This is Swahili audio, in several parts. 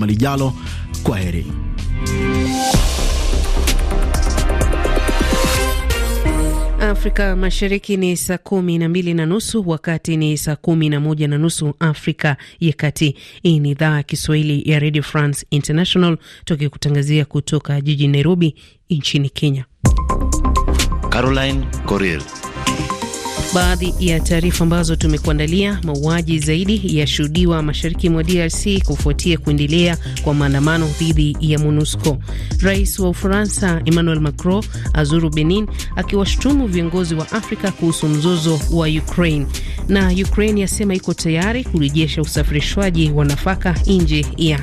juma lijalo. Kwa heri. Afrika Mashariki ni saa kumi na mbili na nusu wakati ni saa kumi na moja na nusu Afrika ya Kati. Hii ni idhaa ya Kiswahili ya Radio France International, tukikutangazia kutoka jijini Nairobi nchini Kenya. Caroline Coril Baadhi ya taarifa ambazo tumekuandalia: mauaji zaidi yashuhudiwa mashariki mwa DRC kufuatia kuendelea kwa maandamano dhidi ya MONUSCO. Rais wa Ufaransa Emmanuel Macron azuru Benin akiwashutumu viongozi wa Afrika kuhusu mzozo wa Ukraine, na Ukraine yasema iko tayari kurejesha usafirishwaji wa nafaka nje ya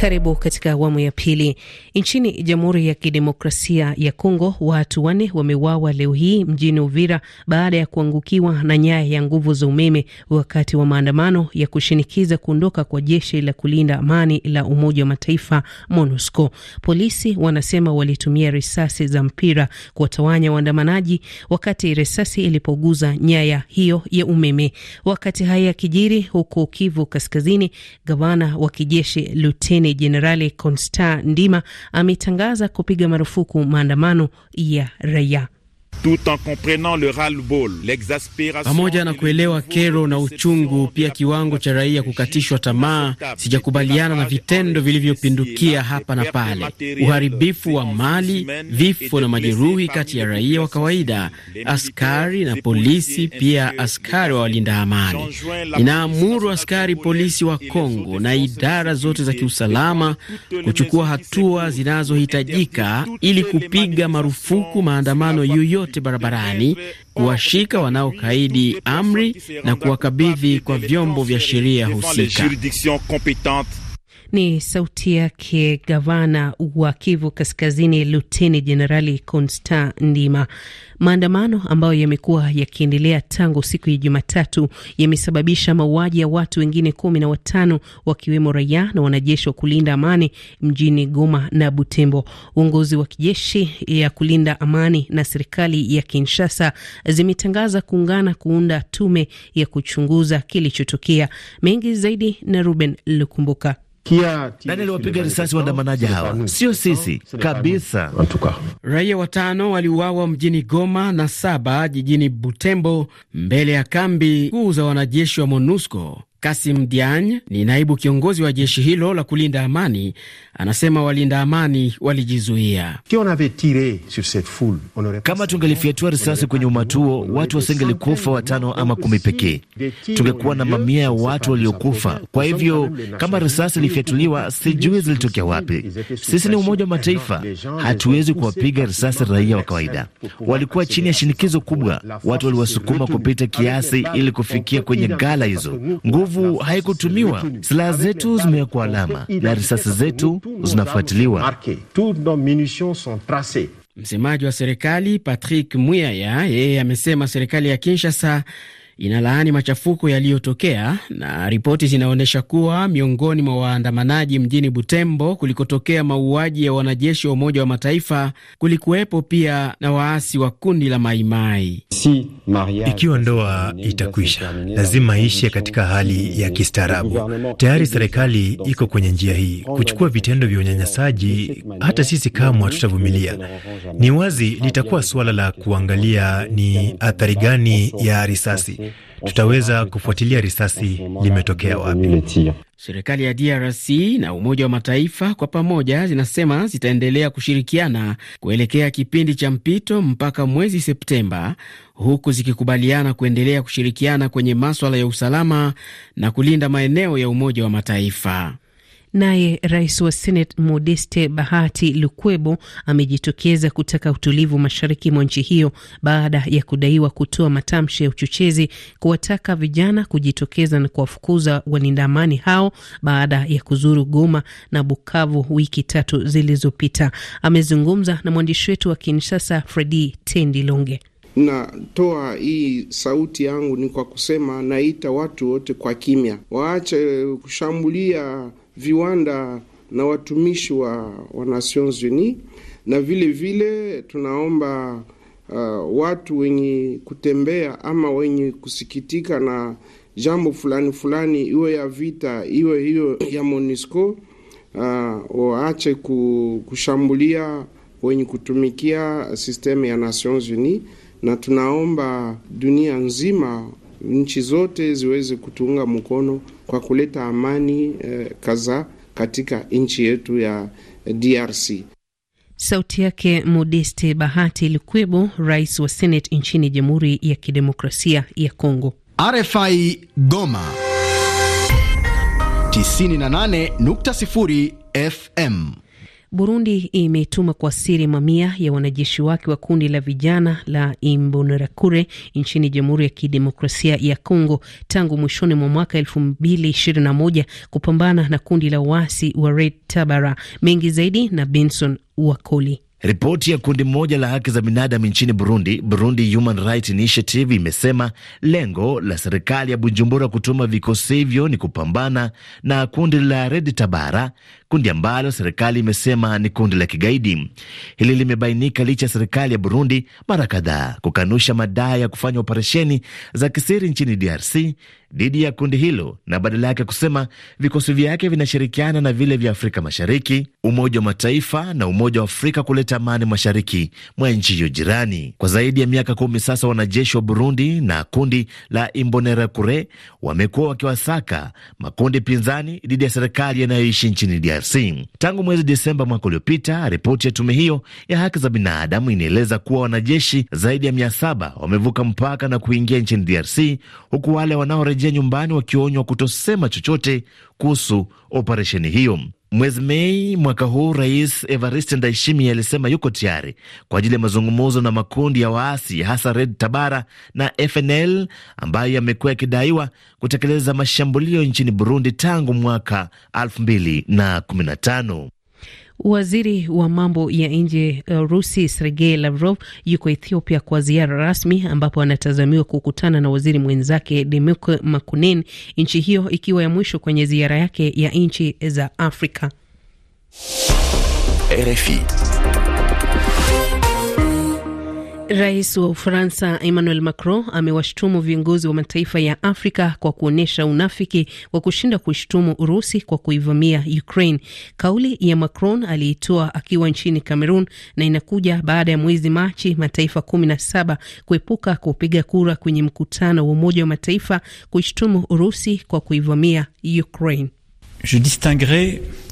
Karibu katika awamu ya pili. Nchini Jamhuri ya Kidemokrasia ya Kongo, watu wanne wameuawa leo hii mjini Uvira baada ya kuangukiwa na nyaya ya nguvu za umeme wakati wa maandamano ya kushinikiza kuondoka kwa jeshi la kulinda amani la Umoja wa Mataifa, MONUSCO. Polisi wanasema walitumia risasi za mpira kuwatawanya waandamanaji wakati risasi ilipoguza nyaya hiyo ya umeme. Wakati haya yakijiri, huko Kivu Kaskazini, gavana wa kijeshi luteni Jumanne, Jenerali Constant Ndima ametangaza kupiga marufuku maandamano ya raia. Pamoja na kuelewa kero na uchungu, pia kiwango cha raia kukatishwa tamaa, sijakubaliana na vitendo vilivyopindukia hapa na pale, uharibifu wa mali, vifo na majeruhi kati ya raia wa kawaida, askari na polisi, pia askari wa walinda amani. Inaamuru askari polisi wa Kongo na idara zote za kiusalama kuchukua hatua zinazohitajika ili kupiga marufuku maandamano yoyote yoyote barabarani, kuwashika wanaokaidi amri na kuwakabidhi kwa vyombo vya sheria husika. Ni sauti yake gavana wa Kivu Kaskazini, Luteni Jenerali Constan Ndima. Maandamano ambayo yamekuwa yakiendelea tangu siku ya Jumatatu yamesababisha mauaji ya watu wengine kumi na watano wakiwemo raia na wanajeshi wa kulinda amani mjini Goma na Butembo. Uongozi wa kijeshi ya kulinda amani na serikali ya Kinshasa zimetangaza kuungana kuunda tume ya kuchunguza kilichotokea. Mengi zaidi na Ruben Lukumbuka. Nani aliwapiga risasi waandamanaji hawa? Sio sisi kabisa. Raia watano waliuawa mjini Goma na saba jijini Butembo, mbele ya kambi kuu za wanajeshi wa MONUSCO Kasim dian ni naibu kiongozi wa jeshi hilo la kulinda amani, anasema walinda amani walijizuia. Kama tungelifyatua risasi kwenye umati huo, watu wasingelikufa watano ama kumi pekee, tungekuwa na mamia ya watu waliokufa. Kwa hivyo kama risasi ilifyatuliwa, sijui zilitokea wapi. Sisi ni Umoja wa Mataifa, hatuwezi kuwapiga risasi raia wa kawaida. Walikuwa chini ya shinikizo kubwa, watu waliwasukuma kupita kiasi ili kufikia kwenye gala hizo nguvu haikutumiwa. Silaha zetu zimewekwa alama na risasi zetu zinafuatiliwa. Msemaji wa serikali Patrick Muyaya yeye amesema serikali ya Kinshasa inalaani machafuko yaliyotokea na ripoti zinaonyesha kuwa miongoni mwa waandamanaji mjini Butembo kulikotokea mauaji ya wanajeshi wa Umoja wa Mataifa kulikuwepo pia na waasi wa kundi la Maimai. Ikiwa ndoa itakwisha, lazima ishe katika hali ya kistaarabu. Tayari serikali iko kwenye njia hii kuchukua vitendo vya unyanyasaji. Hata sisi kamwe hatutavumilia. Ni wazi litakuwa suala la kuangalia ni athari gani ya risasi tutaweza kufuatilia risasi limetokea wapi. Serikali ya DRC na Umoja wa Mataifa kwa pamoja zinasema zitaendelea kushirikiana kuelekea kipindi cha mpito mpaka mwezi Septemba, huku zikikubaliana kuendelea kushirikiana kwenye maswala ya usalama na kulinda maeneo ya Umoja wa Mataifa. Naye rais wa Senate Modeste Bahati Lukwebo amejitokeza kutaka utulivu mashariki mwa nchi hiyo baada ya kudaiwa kutoa matamshi ya uchochezi, kuwataka vijana kujitokeza na kuwafukuza walinda amani hao baada ya kuzuru Goma na Bukavu wiki tatu zilizopita. Amezungumza na mwandishi wetu wa Kinshasa Fredi Tendilonge. Natoa hii sauti yangu ni kwa kusema, naita watu wote kwa kimya, waache kushambulia viwanda na watumishi wa, wa Nations Unies, na vile vile tunaomba uh, watu wenye kutembea ama wenye kusikitika na jambo fulani fulani, iwe ya vita, iwe hiyo ya MONUSCO uh, waache kushambulia wenye kutumikia sistemu ya Nations Unies, na tunaomba dunia nzima nchi zote ziweze kutuunga mkono kwa kuleta amani eh, kadhaa katika nchi yetu ya eh, DRC. Sauti yake Modeste Bahati Likwebo, rais wa Senate nchini Jamhuri ya Kidemokrasia ya Kongo. RFI Goma 98.0 FM. Burundi imetuma kwa siri mamia ya wanajeshi wake wa kundi la vijana la Imbonerakure nchini Jamhuri ya Kidemokrasia ya Kongo tangu mwishoni mwa mwaka moja kupambana na kundi la uasi wa Red Tabara. Mengi zaidi na Benson Wakoli. Ripoti ya kundi moja la haki za binadamu nchini Burundi, Burundi Human Rights Initiative, imesema lengo la serikali ya Bujumbura kutuma vikosi hivyo ni kupambana na kundi la Red Tabara kundi ambalo serikali imesema ni kundi la kigaidi. Hili limebainika licha ya serikali ya Burundi mara kadhaa kukanusha madai ya kufanya operesheni za kisiri nchini DRC dhidi ya kundi hilo na badala yake kusema vikosi vyake vinashirikiana na vile vya Afrika Mashariki, Umoja wa Mataifa na Umoja wa Afrika kuleta amani mashariki mwa nchi hiyo jirani. Kwa zaidi ya miaka kumi sasa, wanajeshi wa Burundi na kundi la Imbonerakure wamekuwa wakiwasaka makundi pinzani dhidi ya serikali yanayoishi nchini DRC. DRC. Tangu mwezi Desemba mwaka uliopita, ripoti ya tume hiyo ya haki za binadamu inaeleza kuwa wanajeshi zaidi ya mia saba wamevuka mpaka na kuingia nchini DRC, huku wale wanaorejea nyumbani wakionywa kutosema chochote kuhusu operesheni hiyo. Mwezi Mei mwaka huu Rais Evariste Ndayishimiye alisema yuko tayari kwa ajili ya mazungumzo na makundi ya waasi hasa Red Tabara na FNL ambayo yamekuwa yakidaiwa kutekeleza mashambulio nchini Burundi tangu mwaka 2015. Waziri wa mambo ya nje uh, Rusi Sergei Lavrov yuko Ethiopia kwa ziara rasmi, ambapo anatazamiwa kukutana na waziri mwenzake Demeku Makunen, nchi hiyo ikiwa ya mwisho kwenye ziara yake ya nchi za Afrika. RFI. Rais wa Ufaransa Emmanuel Macron amewashtumu viongozi wa mataifa ya Afrika kwa kuonyesha unafiki wa kushinda kushtumu Urusi kwa kuivamia Ukraine. Kauli ya Macron aliitoa akiwa nchini Cameroon na inakuja baada ya mwezi Machi mataifa kumi na saba kuepuka kupiga kura kwenye mkutano wa Umoja wa Mataifa kushtumu Urusi kwa kuivamia Ukraine.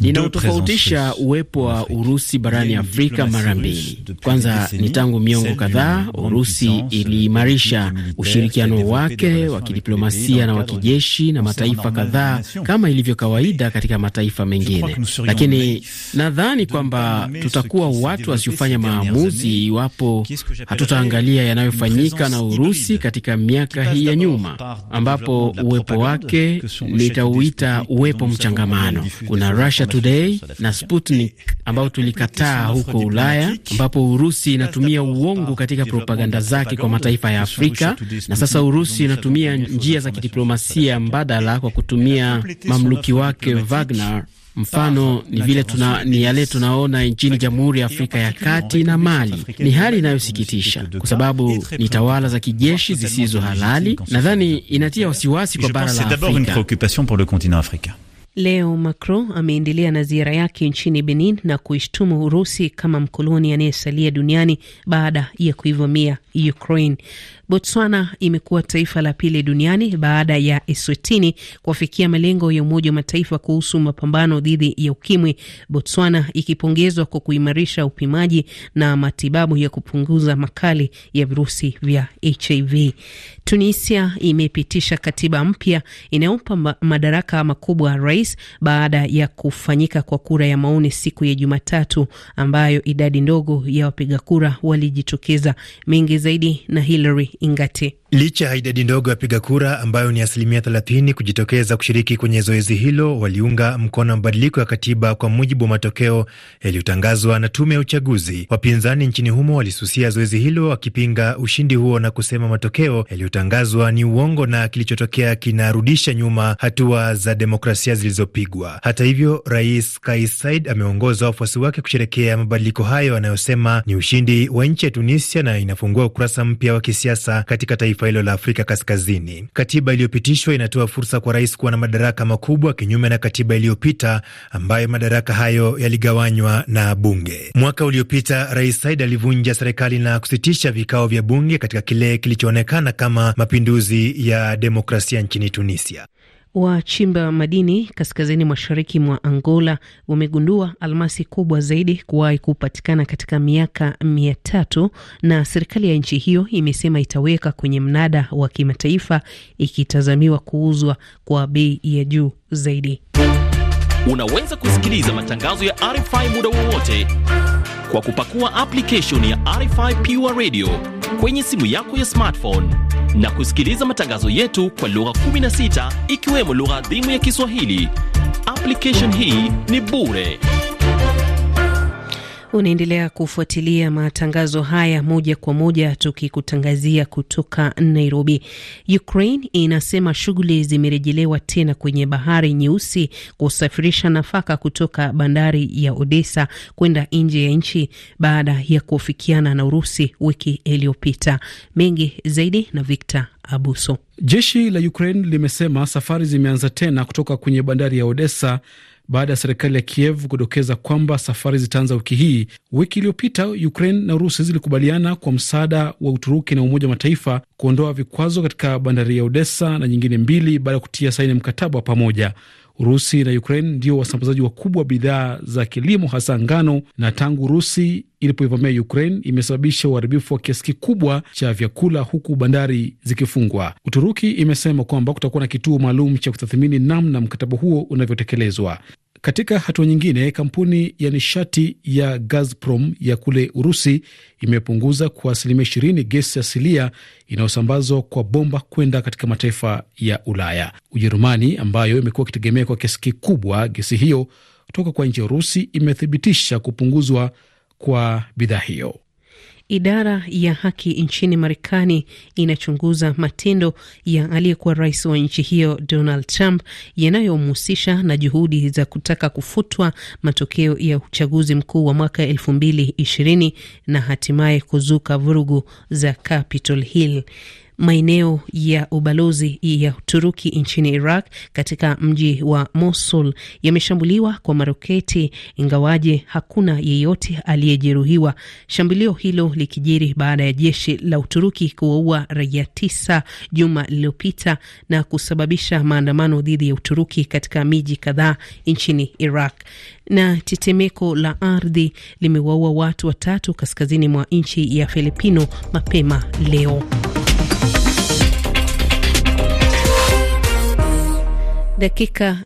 Inautofautisha uwepo wa Urusi barani Afrika mara mbili. Kwanza ni tangu miongo kadhaa Urusi iliimarisha ushirikiano wake wa kidiplomasia na wa kijeshi na mataifa kadhaa kama ilivyo kawaida katika mataifa mengine, lakini nadhani kwamba tutakuwa watu wasiofanya maamuzi iwapo hatutaangalia yanayofanyika na Urusi katika miaka hii ya nyuma, ambapo uwepo wake nitauita uwepo mchanga kongamano. Kuna Russia Today na Sputnik ambao tulikataa huko Ulaya, ambapo Urusi inatumia uongo katika propaganda zake kwa mataifa ya Afrika, na sasa Urusi inatumia njia za kidiplomasia mbadala kwa kutumia mamluki wake Wagner. Mfano ni vile tuna, ni yale tunaona nchini Jamhuri ya Afrika ya Kati na Mali. Ni hali inayosikitisha kwa sababu ni tawala za kijeshi zisizo halali. Nadhani inatia wasiwasi kwa bara la Afrika. Leo Macron ameendelea na ziara yake nchini Benin na kuishtumu Urusi kama mkoloni anayesalia duniani baada ya kuivamia Ukraine. Botswana imekuwa taifa la pili duniani baada ya Eswatini kuwafikia malengo ya Umoja wa Mataifa kuhusu mapambano dhidi ya ukimwi, Botswana ikipongezwa kwa kuimarisha upimaji na matibabu ya kupunguza makali ya virusi vya HIV. Tunisia imepitisha katiba mpya inayompa madaraka makubwa rais baada ya kufanyika kwa kura ya maoni siku ya Jumatatu, ambayo idadi ndogo ya wapiga kura walijitokeza. Mengi zaidi na Hillary Ingati. Licha ya idadi ndogo ya wapiga kura ambayo ni asilimia 30 kujitokeza kushiriki kwenye zoezi hilo, waliunga mkono mabadiliko ya katiba kwa mujibu wa matokeo yaliyotangazwa na tume ya uchaguzi. Wapinzani nchini humo walisusia zoezi hilo wakipinga ushindi huo na kusema matokeo yaliyotangazwa ni uongo na kilichotokea kinarudisha nyuma hatua za demokrasia zilizopigwa. Hata hivyo, Rais Kais Saied ameongoza wafuasi wake kusherekea mabadiliko hayo anayosema ni ushindi wa nchi ya Tunisia na inafungua ukurasa mpya wa kisiasa kisiasa katika taifa hilo la Afrika Kaskazini. Katiba iliyopitishwa inatoa fursa kwa rais kuwa na madaraka makubwa, kinyume na katiba iliyopita ambayo madaraka hayo yaligawanywa na bunge. Mwaka uliopita Rais Said alivunja serikali na kusitisha vikao vya bunge katika kile kilichoonekana kama mapinduzi ya demokrasia nchini Tunisia. Wachimba madini kaskazini mashariki mwa Angola wamegundua almasi kubwa zaidi kuwahi kupatikana katika miaka mia tatu na serikali ya nchi hiyo imesema itaweka kwenye mnada wa kimataifa ikitazamiwa kuuzwa kwa bei ya juu zaidi. Unaweza kusikiliza matangazo ya RFI muda wowote kwa kupakua application ya RFI Pure Radio kwenye simu yako ya smartphone na kusikiliza matangazo yetu kwa lugha 16 ikiwemo lugha adhimu ya Kiswahili. Application hii ni bure. Unaendelea kufuatilia matangazo haya moja kwa moja tukikutangazia kutoka Nairobi. Ukraine inasema shughuli zimerejelewa tena kwenye bahari nyeusi kusafirisha nafaka kutoka bandari ya Odessa kwenda nje ya nchi baada ya kuafikiana na Urusi wiki iliyopita. Mengi zaidi na Victor Abuso. Jeshi la Ukraine limesema safari zimeanza tena kutoka kwenye bandari ya Odessa baada ya serikali ya Kiev kudokeza kwamba safari zitaanza wiki hii. Wiki iliyopita Ukraine na Urusi zilikubaliana kwa msaada wa Uturuki na Umoja wa Mataifa kuondoa vikwazo katika bandari ya Odessa na nyingine mbili baada ya kutia saini mkataba wa pamoja. Urusi na Ukraine ndio wasambazaji wakubwa wa bidhaa za kilimo, hasa ngano, na tangu Urusi ilipoivamia Ukraine imesababisha uharibifu wa kiasi kikubwa cha vyakula huku bandari zikifungwa. Uturuki imesema kwamba kutakuwa na kituo maalum cha kutathimini namna mkataba huo unavyotekelezwa. Katika hatua nyingine, kampuni ya nishati ya Gazprom ya kule Urusi imepunguza kwa asilimia ishirini gesi asilia inayosambazwa kwa bomba kwenda katika mataifa ya Ulaya. Ujerumani ambayo imekuwa ikitegemea kwa kiasi kikubwa gesi hiyo kutoka kwa nchi ya Urusi imethibitisha kupunguzwa kwa bidhaa hiyo. Idara ya haki nchini Marekani inachunguza matendo ya aliyekuwa rais wa nchi hiyo Donald Trump yanayomhusisha na juhudi za kutaka kufutwa matokeo ya uchaguzi mkuu wa mwaka elfu mbili ishirini na hatimaye kuzuka vurugu za Capitol Hill maeneo ya ubalozi ya Uturuki nchini Iraq katika mji wa Mosul yameshambuliwa kwa maroketi, ingawaje hakuna yeyote aliyejeruhiwa, shambulio hilo likijiri baada ya jeshi la Uturuki kuwaua raia tisa juma lililopita na kusababisha maandamano dhidi ya Uturuki katika miji kadhaa nchini Iraq. Na tetemeko la ardhi limewaua watu watatu kaskazini mwa nchi ya Filipino mapema leo. De quica